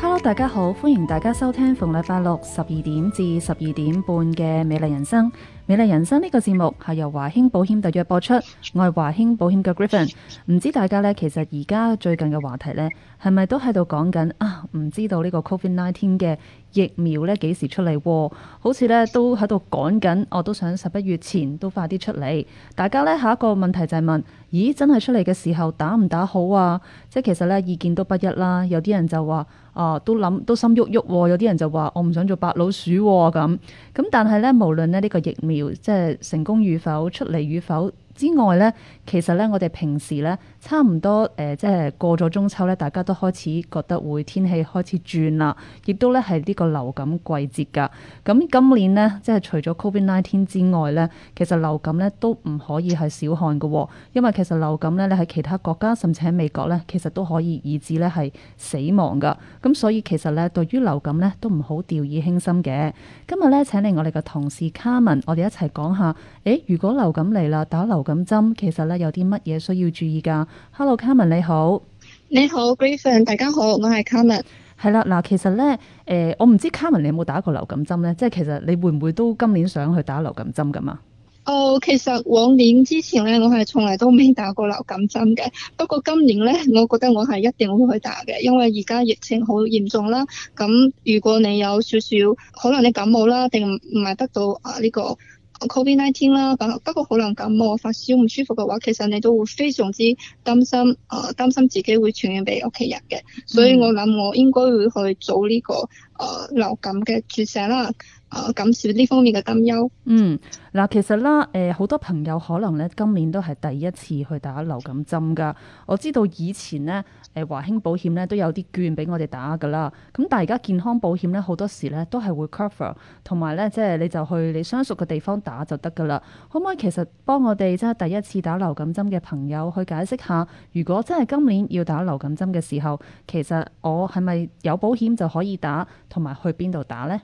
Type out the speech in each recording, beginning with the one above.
Hello 大家好，歡迎大家收聽逢禮拜六十二點至十二點半嘅美麗人生。美麗人生呢個節目係由華興保險特約播出，我係華興保險嘅 Griffin，唔知大家呢？其實而家最近嘅話題呢，係咪都喺度講緊啊？唔知道呢個 Covid nineteen 嘅疫苗呢？幾時出嚟？好似呢都喺度講緊，我都想十一月前都快啲出嚟。大家呢，下一個問題就係問：咦，真係出嚟嘅時候打唔打好啊？即係其實呢意見都不一啦，有啲人就話啊都諗都心郁郁、哦，有啲人就話我唔想做白老鼠咁、哦。咁但係呢，無論咧呢個疫苗，即係成功與否，出嚟與否。之外呢，其實呢，我哋平時呢，差唔多誒、呃，即係過咗中秋呢，大家都開始覺得會天氣開始轉啦，亦都呢係呢個流感季節㗎。咁今年呢，即係除咗 Covid Nineteen 之外呢，其實流感呢都唔可以係小看嘅。哦，因為其實流感呢你喺其他國家甚至喺美國呢，其實都可以以致呢係死亡㗎。咁所以其實呢，對於流感呢都唔好掉以輕心嘅。今日呢，請嚟我哋嘅同事 Carmen，我哋一齊講下，誒，如果流感嚟啦，打流感針其實咧有啲乜嘢需要注意噶？Hello，Carmen 你好，你好 Griffin 大家好，我係 Carmen。係啦，嗱，其實咧，誒、呃，我唔知 Carmen 你有冇打過流感針咧？即係其實你會唔會都今年想去打流感針噶嘛？哦，其實往年之前咧，我係從嚟都未打過流感針嘅。不過今年咧，我覺得我係一定會去打嘅，因為而家疫情好嚴重啦。咁如果你有少少可能你感冒啦，定唔係得到啊呢、呢個？COVID nineteen 啦，不過可能感冒發燒唔舒服嘅話，其實你都會非常之擔心，誒、呃、擔心自己會傳染俾屋企人嘅，所以我諗我應該會去做呢、這個誒、呃、流感嘅注射啦。誒，減少呢方面嘅擔憂。嗯，嗱，其實啦，誒、呃，好多朋友可能咧今年都係第一次去打流感針噶。我知道以前咧，誒、呃，華興保險咧都有啲券俾我哋打噶啦。咁但係而家健康保險咧，好多時咧都係會 cover，同埋咧即係你就去你相熟嘅地方打就得噶啦。可唔可以其實幫我哋即係第一次打流感針嘅朋友去解釋下，如果真係今年要打流感針嘅時候，其實我係咪有保險就可以打，同埋去邊度打咧？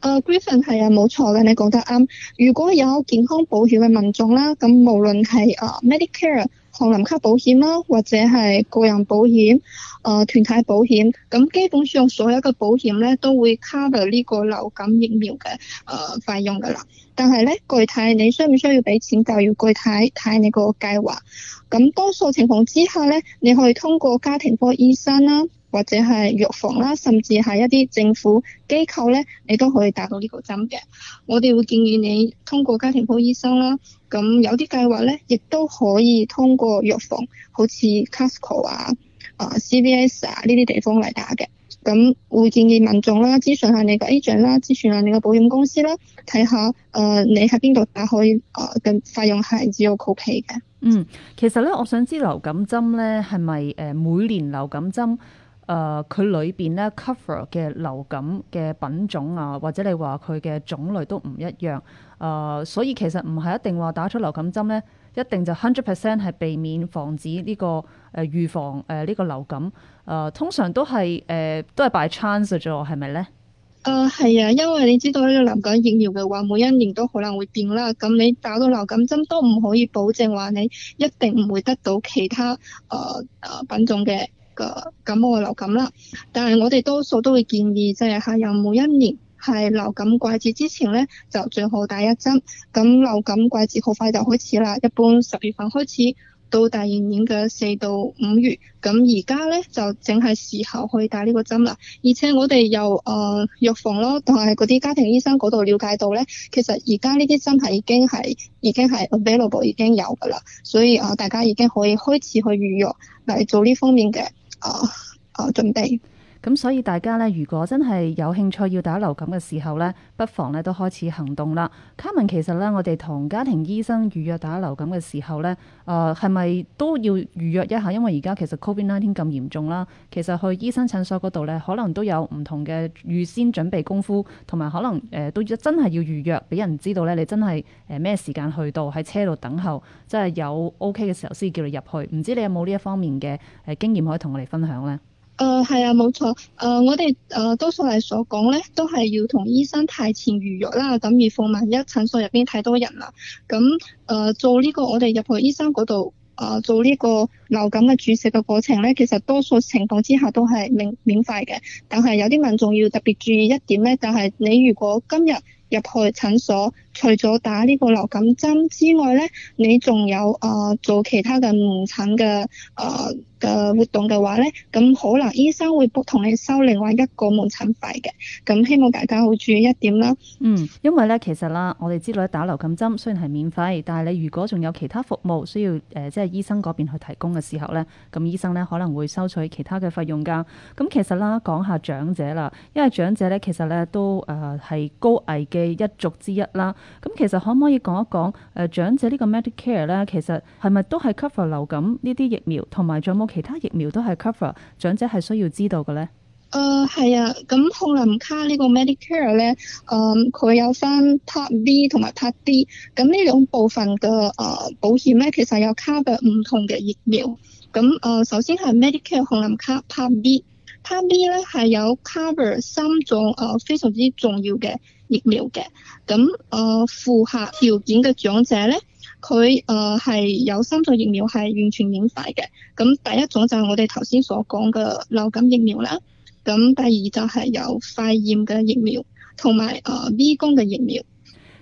誒、uh, Griffin 係啊，冇錯嘅，你講得啱。如果有健康保險嘅民眾啦，咁無論係誒 Medicare 紅藍卡保險啦，或者係個人保險、誒、呃、團體保險，咁基本上所有嘅保險咧都會 cover 呢個流感疫苗嘅誒費用㗎啦。但係咧，具體你需唔需要俾錢，就要具體睇你個計劃。咁多數情況之下咧，你可以通過家庭科醫生啦。或者係藥房啦，甚至係一啲政府機構咧，你都可以打到呢個針嘅。我哋會建議你通過家庭保醫生啦。咁有啲計劃咧，亦都可以通過藥房，好似 Costco 啊、呃、CV 啊 CVS 啊呢啲地方嚟打嘅。咁會建議民眾啦，諮詢下你個 agent 啦，諮詢下你個保險公司啦，睇下誒你喺邊度打可以誒嘅費用係只有 copay 嘅。嗯，其實咧，我想知流感針咧係咪誒每年流感針？誒佢裏邊咧 cover 嘅流感嘅品種啊，或者你話佢嘅種類都唔一樣。誒、呃，所以其實唔係一定話打出流感針咧，一定就 hundred percent 係避免防止呢個誒預防誒呢、呃呢個流感。誒、呃、通常都係誒、呃、都係 by chance 嘅啫，係咪咧？誒係、呃、啊，因為你知道呢個流感疫苗嘅話，每一年都可能會變啦。咁你打到流感針都唔可以保證話你一定唔會得到其他誒誒、呃、品種嘅，嘅感冒嘅流感啦，但係我哋多數都會建議，就係客人每一年係流感季節之前咧，就最好打一針。咁流感季節好快就開始啦，一般十月份開始，到第二年嘅四到五月。咁而家咧就正係時候去打呢個針啦。而且我哋由誒藥房咯，同埋嗰啲家庭醫生嗰度了解到咧，其實而家呢啲針係已經係已經係 available 已經有噶啦，所以啊大家已經可以開始去預約嚟做呢方面嘅。啊啊，準備。咁、嗯、所以大家咧，如果真係有興趣要打流感嘅時候咧，不妨咧都開始行動啦。卡文其實咧，我哋同家庭醫生預約打流感嘅時候咧，誒係咪都要預約一下？因為而家其實 Covid nineteen 咁嚴重啦，其實去醫生診所嗰度咧，可能都有唔同嘅預先準備功夫，同埋可能誒、呃、都真係要預約，俾人知道咧，你真係誒咩時間去到喺車度等候，即、就、係、是、有 OK 嘅時候先叫你入去。唔知你有冇呢一方面嘅誒、呃、經驗可以同我哋分享咧？誒係、呃、啊，冇錯。誒、呃、我哋誒、呃、多數嚟所講咧，都係要同醫生提前預約啦。咁預防萬一診所入邊太多人啦，咁、嗯、誒、呃、做呢、這個我哋入去醫生嗰度誒做呢個流感嘅注射嘅過程咧，其實多數情況之下都係免免費嘅。但係有啲民眾要特別注意一點咧，就係、是、你如果今日入去診所。除咗打呢個流感針之外呢，你仲有啊、呃、做其他嘅門診嘅啊嘅活動嘅話呢，咁可能醫生會 book 同你收另外一個門診費嘅。咁希望大家好注意一點啦。嗯，因為呢，其實啦，我哋知道打流感針雖然係免費，但係你如果仲有其他服務需要誒、呃、即係醫生嗰邊去提供嘅時候呢，咁醫生呢，可能會收取其他嘅費用噶。咁、嗯、其實啦，講下長者啦，因為長者呢，其實呢都啊係、呃、高危嘅一族之一啦。咁其實可唔可以講一講誒長者個呢個 Medicare 咧，其實係咪都係 cover 流感呢啲疫苗，同埋仲有冇其他疫苗都係 cover 長者係需要知道嘅咧？誒係、呃、啊，咁紅藍卡個呢個 Medicare 咧，誒、呃、佢有分 Part B 同埋 Part D，咁呢兩部分嘅誒、呃、保險咧，其實有 cover 唔同嘅疫苗。咁誒、呃、首先係 Medicare 紅藍卡 Part B，Part B 咧係有 cover 三種誒、呃、非常之重要嘅。疫苗嘅，咁啊符合條件嘅長者咧，佢啊係有三種疫苗係完全免費嘅，咁第一種就係我哋頭先所講嘅流感疫苗啦，咁第二就係有肺炎嘅疫苗，同埋啊 B 工嘅疫苗。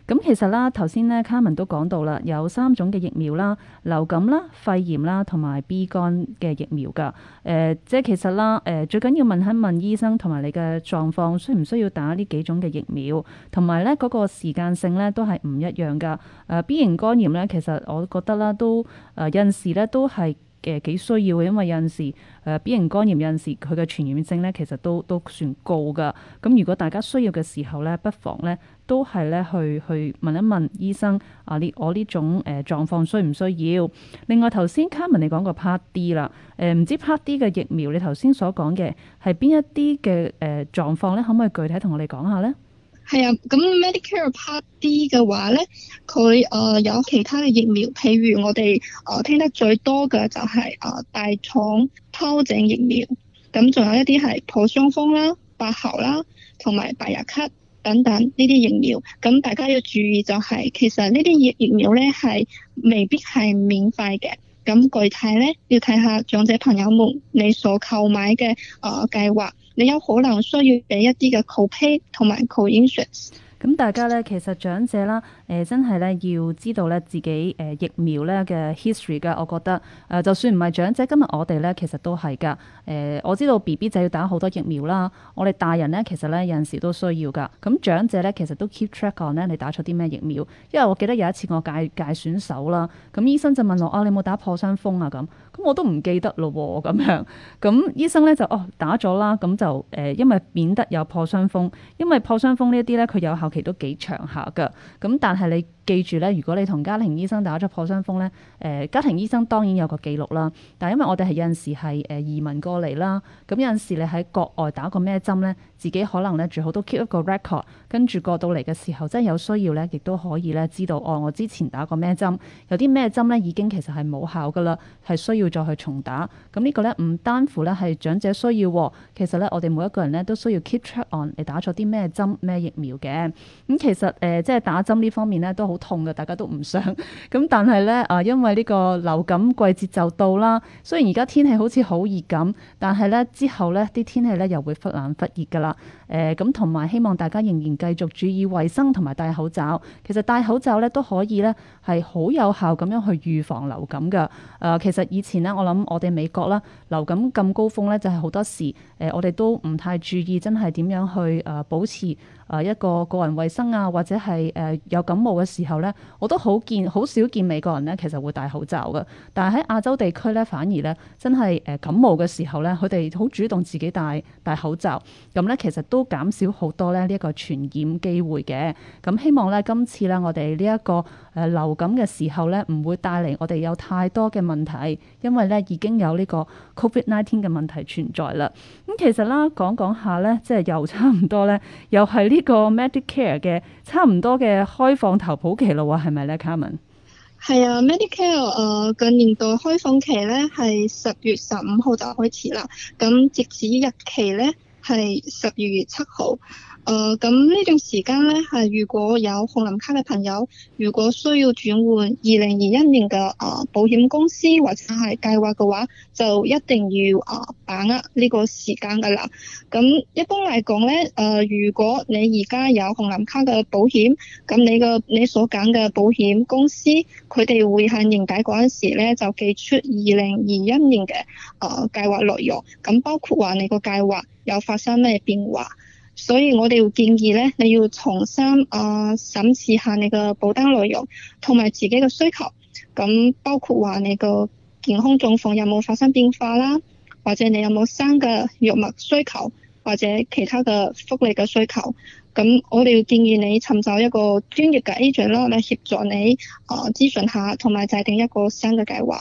咁其實啦，頭先咧，卡文都講到啦，有三種嘅疫苗啦，流感啦、肺炎啦，同埋 B 肝嘅疫苗噶。誒、呃，即係其實啦，誒、呃，最緊要問一問醫生同埋你嘅狀況，需唔需要打呢幾種嘅疫苗，同埋咧嗰個時間性咧都係唔一樣噶。誒、呃，B 型肝炎咧，其實我覺得啦，都誒、呃、有陣時咧都係。嘅幾需要，因為有陣時誒 B 型肝炎有陣時佢嘅傳染性咧，其實都都算高噶。咁如果大家需要嘅時候咧，不妨咧都係咧去去問一問醫生啊，呢我呢種誒狀況需唔需要？另外，頭先卡文你講個 Part D 啦，誒唔知 Part D 嘅疫苗你頭先所講嘅係邊一啲嘅誒狀況咧，可唔可以具體同我哋講下咧？係啊，咁 Medicare Part D 嘅話咧，佢誒、呃、有其他嘅疫苗，譬如我哋誒、呃、聽得最多嘅就係、是、誒、呃、帶狀皰疹疫苗，咁仲有一啲係破傷風啦、白喉啦、同埋百日咳等等呢啲疫苗，咁大家要注意就係、是，其實呢啲疫疫苗咧係未必係免費嘅。咁具體咧，要睇下長者朋友們你所購買嘅誒計劃，你有可能需要俾一啲嘅 co-pay 同埋 co-insurance。咁大家咧，其實長者啦。誒、呃、真係咧，要知道咧自己誒、呃、疫苗咧嘅 history 嘅，我覺得誒、呃、就算唔係長者，今日我哋咧其實都係噶。誒、呃、我知道 B B 仔要打好多疫苗啦，我哋大人咧其實咧有陣時都需要噶。咁、嗯、長者咧其實都 keep track on 咧，你打咗啲咩疫苗？因為我記得有一次我戒界選手啦，咁、嗯、醫生就問我啊，你有冇打破傷風啊？咁咁我都唔記得咯喎、哦，咁樣咁、嗯、醫生咧就哦打咗啦，咁、嗯、就誒、呃、因為免得有破傷風，因為破傷風呢一啲咧佢有效期都幾長下噶，咁但係你。記住咧，如果你同家庭醫生打咗破傷風咧，誒、呃、家庭醫生當然有個記錄啦。但因為我哋係有陣時係誒移民過嚟啦，咁有陣時你喺國外打過咩針咧，自己可能咧最好都 keep 一個 record，跟住過到嚟嘅時候，真係有需要咧，亦都可以咧知道，哦，我之前打過咩針，有啲咩針咧已經其實係冇效㗎啦，係需要再去重打。咁呢個咧唔單乎咧係長者需要，其實咧我哋每一個人咧都需要 keep track on 你打咗啲咩針咩疫苗嘅。咁、嗯、其實誒、呃、即係打針呢方面咧都好。痛嘅，大家都唔想。咁但係呢，啊，因為呢個流感季節就到啦。雖然而家天氣好似好熱咁，但係呢之後呢啲天氣呢又會忽冷忽熱噶啦。誒、呃，咁同埋希望大家仍然繼續注意衛生同埋戴口罩。其實戴口罩呢都可以呢係好有效咁樣去預防流感嘅。誒、呃，其實以前呢、呃，我諗我哋美國啦，流感咁高峰呢就係好多時，誒，我哋都唔太注意，真係點樣去誒保持。誒、呃、一個個人衞生啊，或者係誒、呃、有感冒嘅時候呢，我都好見好少見美國人呢其實會戴口罩嘅。但係喺亞洲地區呢，反而呢真係誒感冒嘅時候呢，佢哋好主動自己戴戴口罩。咁、嗯、呢，其實都減少好多呢呢一、這個傳染機會嘅。咁、嗯、希望呢，今次呢我哋呢一個誒、呃、流感嘅時候呢，唔會帶嚟我哋有太多嘅問題，因為呢已經有呢個 COVID-Nineteen 嘅問題存在啦。咁、嗯、其實啦，講講下呢，即係又差唔多呢，又係呢。呢個 Medicare 嘅差唔多嘅開放投保期啦，喎係咪咧，卡文？係啊，Medicare 誒、呃、近年度開放期咧係十月十五號就開始啦，咁截止日期咧，係十二月七號，誒、呃，咁呢種時間呢，係如果有紅藍卡嘅朋友，如果需要轉換二零二一年嘅誒、呃、保險公司或者係計劃嘅話，就一定要誒、呃、把握呢個時間噶啦。咁一般嚟講呢，誒、呃，如果你而家有紅藍卡嘅保險，咁你個你所揀嘅保險公司，佢哋會喺年底嗰陣時呢就寄出二零二一年嘅誒計劃內容，咁包括話你個計劃。有發生咩變化，所以我哋會建議咧，你要重新啊、呃、審視下你嘅保單內容，同埋自己嘅需求。咁包括話你個健康狀況有冇發生變化啦，或者你有冇新嘅藥物需求，或者其他嘅福利嘅需求。咁我哋會建議你尋找一個專業嘅 agent 啦，嚟協助你啊、呃、諮詢下，同埋制定一個新嘅計劃。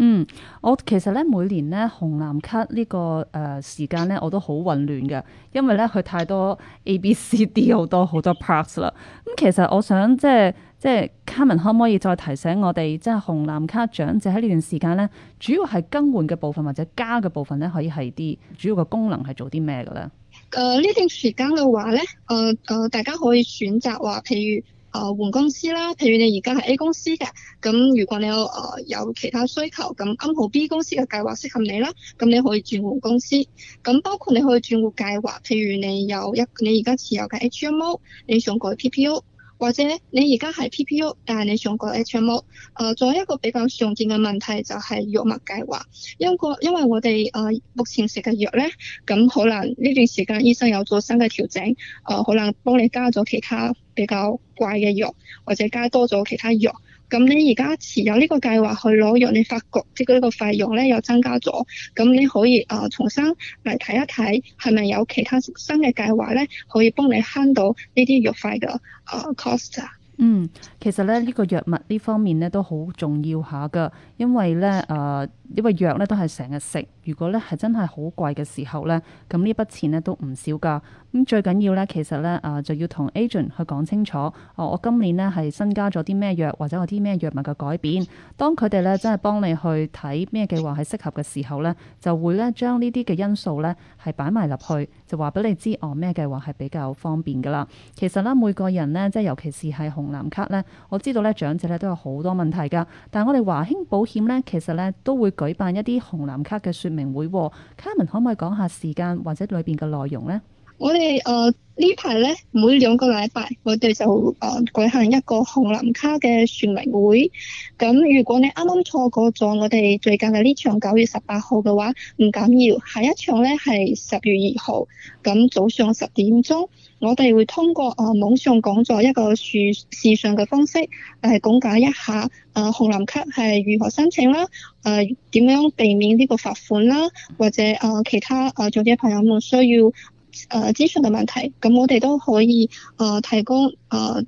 嗯，我其實咧每年咧紅藍卡呢、這個誒、呃、時間咧我都好混亂嘅，因為咧佢太多 A B C D 好多好多 parts 啦。咁、嗯、其實我想即係即係 Carmen，可唔可以再提醒我哋，即係紅藍卡長者喺呢段時間咧，主要係更換嘅部分或者加嘅部分咧，可以係啲主要嘅功能係做啲咩嘅咧？誒呢、呃、段時間嘅話咧，誒、呃、誒、呃、大家可以選擇話，譬如。啊、呃，換公司啦！譬如你而家係 A 公司嘅，咁如果你有啊、呃、有其他需求，咁啱好 B 公司嘅計劃適合你啦，咁你可以轉換公司。咁包括你可以轉換計劃，譬如你有一你而家持有嘅 HMO，你想改 PPO。或者你而家係 PPU，但係你上過 HMO？誒、呃，仲有一個比較常見嘅問題就係藥物計劃，因個因為我哋誒、呃、目前食嘅藥呢，咁可能呢段時間醫生有咗新嘅調整，誒、呃、可能幫你加咗其他比較貴嘅藥，或者加多咗其他藥。咁你而家持有呢個計劃去攞藥，你發覺即係呢個費用咧又增加咗，咁你可以啊重新嚟睇一睇，係咪有其他新嘅計劃咧，可以幫你慳到呢啲藥費嘅啊 cost 啊？嗯，其實咧呢個藥物呢方面咧都好重要下㗎，因為咧啊，因為呢個藥咧都係成日食。如果咧係真係好貴嘅時候呢，咁呢筆錢呢都唔少噶。咁最緊要呢，其實呢啊，就要同 agent 去講清楚。哦，我今年呢係新加咗啲咩藥，或者有啲咩藥物嘅改變。當佢哋呢真係幫你去睇咩計劃係適合嘅時候呢，就會呢將呢啲嘅因素呢係擺埋入去，就話俾你知，我咩計劃係比較方便㗎啦。其實呢，每個人呢，即係尤其是係紅藍卡呢，我知道呢長者呢都有好多問題㗎。但係我哋華興保險呢，其實呢都會舉辦一啲紅藍卡嘅說明。名會、啊，卡文可唔可以講下時間或者裏邊嘅內容咧？我哋誒呢排呢，每兩個禮拜我哋就誒、呃、舉行一個紅藍卡嘅宣明會。咁如果你啱啱錯過咗我哋最近嘅呢場九月十八號嘅話，唔緊要，下一場呢係十月二號，咁早上十點鐘，我哋會通過誒網上講座一個視視訊嘅方式誒講、呃、解一下誒、呃、紅藍卡係如何申請啦，誒、呃、點樣避免呢個罰款啦，或者誒、呃、其他誒組織朋友們需要。誒諮詢嘅問題，咁我哋都可以誒、呃、提供誒。呃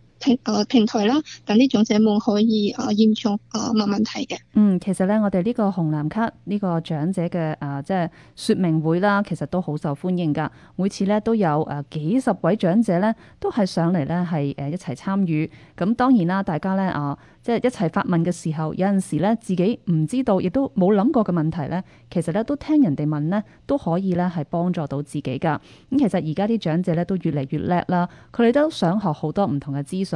平台啦，等啲長者們可以誒現場誒問問題嘅。嗯，其實咧，我哋呢個紅藍卡呢個長者嘅誒即係説明會啦，其實都好受歡迎噶。每次咧都有誒幾十位長者咧，都係上嚟咧係誒一齊參與。咁當然啦，大家咧啊，即係一齊發問嘅時候，有陣時咧自己唔知道，亦都冇諗過嘅問題咧，其實咧都聽人哋問咧都可以咧係幫助到自己噶。咁，嗯，其實而家啲長者咧都越嚟越叻啦，佢哋都想學好多唔同嘅資訊。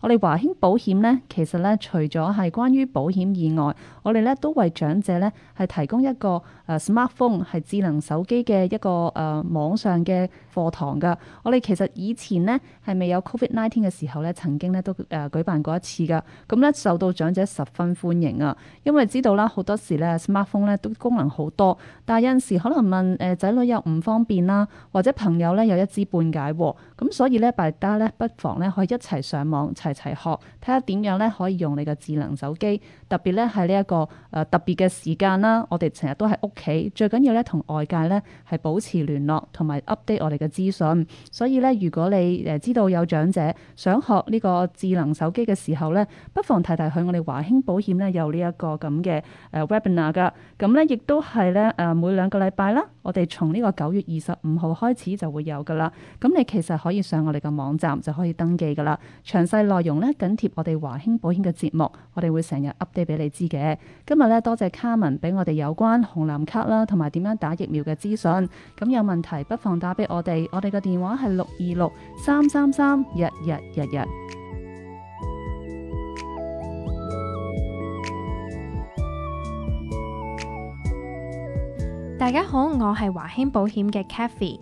我哋華興保險呢，其實呢，除咗係關於保險以外，我哋呢都為長者呢係提供一個誒 smartphone 係智能手機嘅一個誒、呃、網上嘅課堂㗎。我哋其實以前呢係未有 COVID-19 嘅時候呢曾經呢都誒、呃、舉辦過一次㗎。咁呢，受到長者十分歡迎啊，因為知道啦好多時呢 smartphone 呢都功能好多，但係有陣時可能問誒、呃、仔女又唔方便啦，或者朋友呢又一知半解喎，咁所以呢，大家呢不妨呢可以一齊上。上網齊齊學，睇下點樣咧，可以用你嘅智能手機。特別咧係呢一個誒、呃、特別嘅時間啦，我哋成日都喺屋企，最緊要咧同外界咧係保持聯絡，同埋 update 我哋嘅資訊。所以咧，如果你誒知道有長者想學呢個智能手機嘅時候咧，不妨提提去我哋華興保險咧有呢一個咁嘅誒 webinar 噶。咁咧亦都係咧誒每兩個禮拜啦，我哋從呢個九月二十五號開始就會有噶啦。咁你其實可以上我哋嘅網站就可以登記噶啦。詳細內容咧緊貼我哋華興保險嘅節目，我哋會成日 update 俾你知嘅。今日咧多謝卡文俾我哋有關紅藍卡啦，同埋點樣打疫苗嘅資訊。咁有問題不妨打俾我哋，我哋嘅電話係六二六三三三一一一一。大家好，我係華興保險嘅 Cathy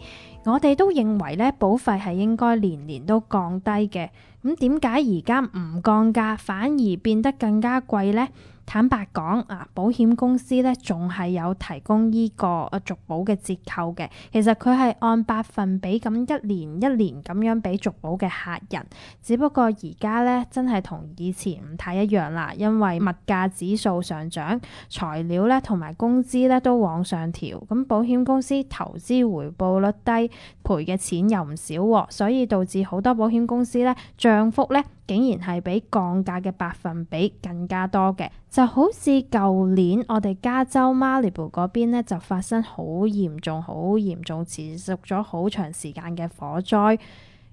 我哋都認為呢保費係應該年年都降低嘅。咁點解而家唔降價，反而變得更加貴呢？坦白講，啊保險公司咧仲係有提供依個續保嘅折扣嘅，其實佢係按百分比咁一年一年咁樣俾續保嘅客人。只不過而家咧真係同以前唔太一樣啦，因為物價指數上漲，材料咧同埋工資咧都往上調。咁保險公司投資回報率低，賠嘅錢又唔少，所以導致好多保險公司咧漲幅咧，竟然係比降價嘅百分比更加多嘅，就好似舊年我哋加州 Malibu 嗰邊呢就發生好嚴重、好嚴重、持續咗好長時間嘅火災，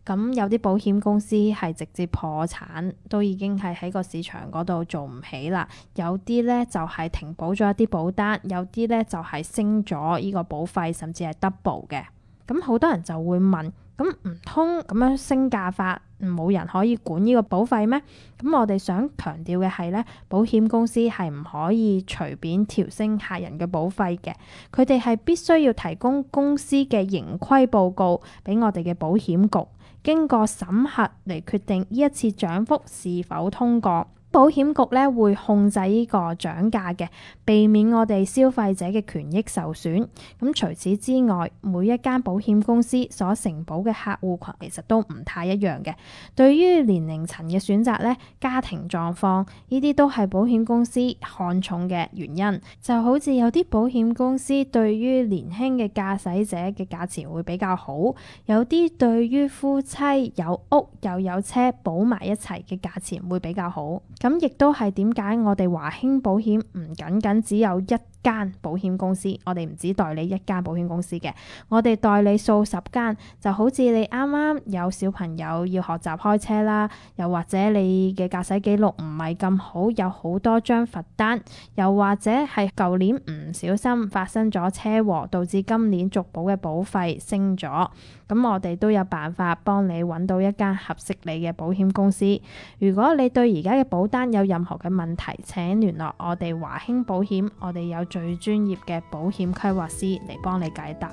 咁有啲保險公司係直接破產，都已經係喺個市場嗰度做唔起啦。有啲呢就係、是、停保咗一啲保單，有啲呢就係、是、升咗呢個保費，甚至係 double 嘅。咁好多人就會問，咁唔通咁樣升價法？冇人可以管呢個保費咩？咁我哋想強調嘅係呢，保險公司係唔可以隨便調升客人嘅保費嘅，佢哋係必須要提供公司嘅盈虧報告俾我哋嘅保險局，經過審核嚟決定呢一次漲幅是否通過。保險局咧會控制呢個漲價嘅，避免我哋消費者嘅權益受損。咁除此之外，每一間保險公司所承保嘅客戶群其實都唔太一樣嘅。對於年齡層嘅選擇咧，家庭狀況呢啲都係保險公司看重嘅原因。就好似有啲保險公司對於年輕嘅駕駛者嘅價錢會比較好，有啲對於夫妻有屋又有車保埋一齊嘅價錢會比較好。咁亦都係點解我哋華興保險唔僅僅只有一⋯⋯間保險公司，我哋唔止代理一間保險公司嘅，我哋代理數十間，就好似你啱啱有小朋友要學習開車啦，又或者你嘅駕駛記錄唔係咁好，有好多張罰單，又或者係舊年唔小心發生咗車禍，導致今年續保嘅保費升咗，咁我哋都有辦法幫你揾到一間合適你嘅保險公司。如果你對而家嘅保單有任何嘅問題，請聯絡我哋華興保險，我哋有最專業嘅保險規劃師嚟幫你解答。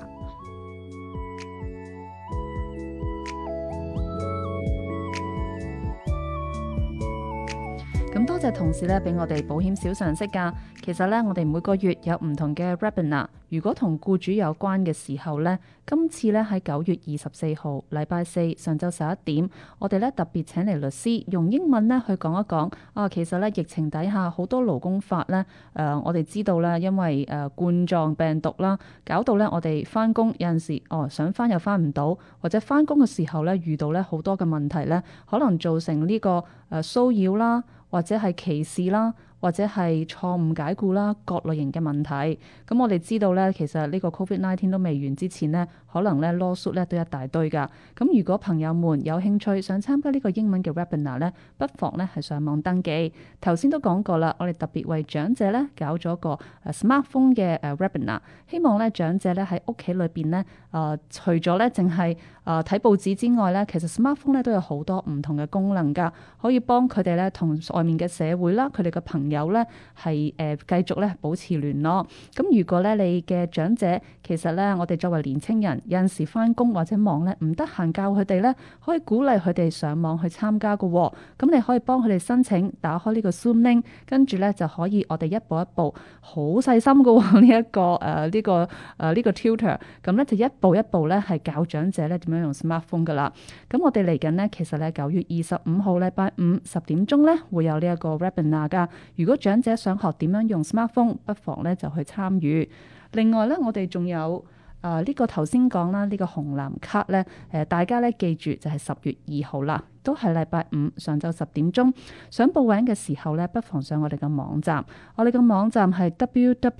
咁多謝同事咧，俾我哋保險小常識噶。其實咧，我哋每個月有唔同嘅 webinar。如果同僱主有關嘅時候咧，今次咧喺九月二十四號，禮拜四上晝十一點，我哋咧特別請嚟律師，用英文咧去講一講。啊，其實咧疫情底下好多勞工法咧，誒、呃，我哋知道咧，因為誒、呃、冠狀病毒啦，搞到咧我哋翻工有陣時，哦想翻又翻唔到，或者翻工嘅時候咧遇到咧好多嘅問題咧，可能造成呢、這個誒騷擾啦。或者係歧視啦，或者係錯誤解雇啦，各類型嘅問題。咁我哋知道咧，其實呢個 COVID-19 都未完之前咧。可能咧囉嗦咧都一大堆噶，咁如果朋友們有興趣想參加呢個英文嘅 webinar 咧，不妨咧係上網登記。頭先都講過啦，我哋特別為長者咧搞咗個 smartphone 嘅誒 webinar，希望咧長者咧喺屋企裏邊咧，誒、呃、除咗咧淨係誒睇報紙之外咧，其實 smartphone 咧都有好多唔同嘅功能噶，可以幫佢哋咧同外面嘅社會啦、佢哋嘅朋友咧係誒繼續咧保持聯絡。咁、嗯、如果咧你嘅長者，其實咧我哋作為年青人。有陣時翻工或者忙咧，唔得閒教佢哋咧，可以鼓勵佢哋上網去參加嘅、哦。咁你可以幫佢哋申請打開個 link, 呢個 Zoom Link 跟住咧就可以我哋一步一步好細心嘅、哦這個呃這個呃這個、呢一個誒呢個誒呢個 tutor，咁咧就一步一步咧係教長者咧點樣用 smartphone 嘅啦。咁我哋嚟緊咧，其實咧九月二十五號禮拜五十點鐘咧會有呢一個 webinar 噶。如果長者想學點樣用 smartphone，不妨咧就去參與。另外咧，我哋仲有。啊！呢、這個頭先講啦，呢、這個紅藍卡呢，誒、呃、大家呢記住就係十月二號啦，都係禮拜五上晝十點鐘。想報名嘅時候呢，不妨上我哋嘅網站。我哋嘅網站係 www.kcal.net.net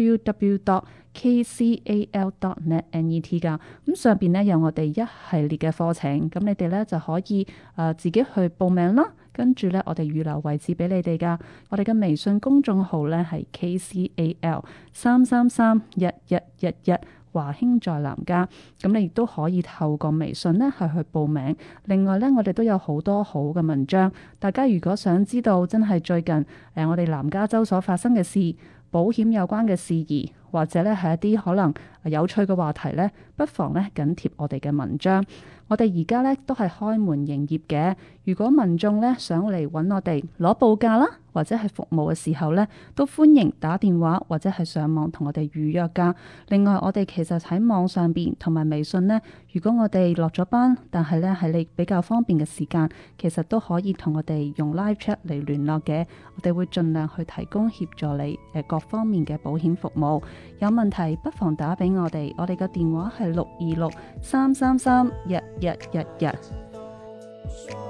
㗎。咁上邊呢有我哋一系列嘅課程，咁你哋呢就可以誒、呃、自己去報名啦。跟住呢，我哋預留位置俾你哋㗎。我哋嘅微信公眾號呢係 kcal 三三三一一一一。華興在南加，咁你亦都可以透過微信呢係去報名。另外呢，我哋都有好多好嘅文章，大家如果想知道真係最近誒、呃、我哋南加州所發生嘅事、保險有關嘅事宜。或者呢係一啲可能有趣嘅話題呢，不妨呢緊貼我哋嘅文章。我哋而家呢都係開門營業嘅。如果民眾呢想嚟揾我哋攞報價啦，或者係服務嘅時候呢，都歡迎打電話或者係上網同我哋預約噶。另外，我哋其實喺網上邊同埋微信呢，如果我哋落咗班，但係呢係你比較方便嘅時間，其實都可以同我哋用 live chat 嚟聯絡嘅。我哋會盡量去提供協助你各方面嘅保險服務。有問題不妨打俾我哋，我哋嘅電話係六二六三三三一一一一。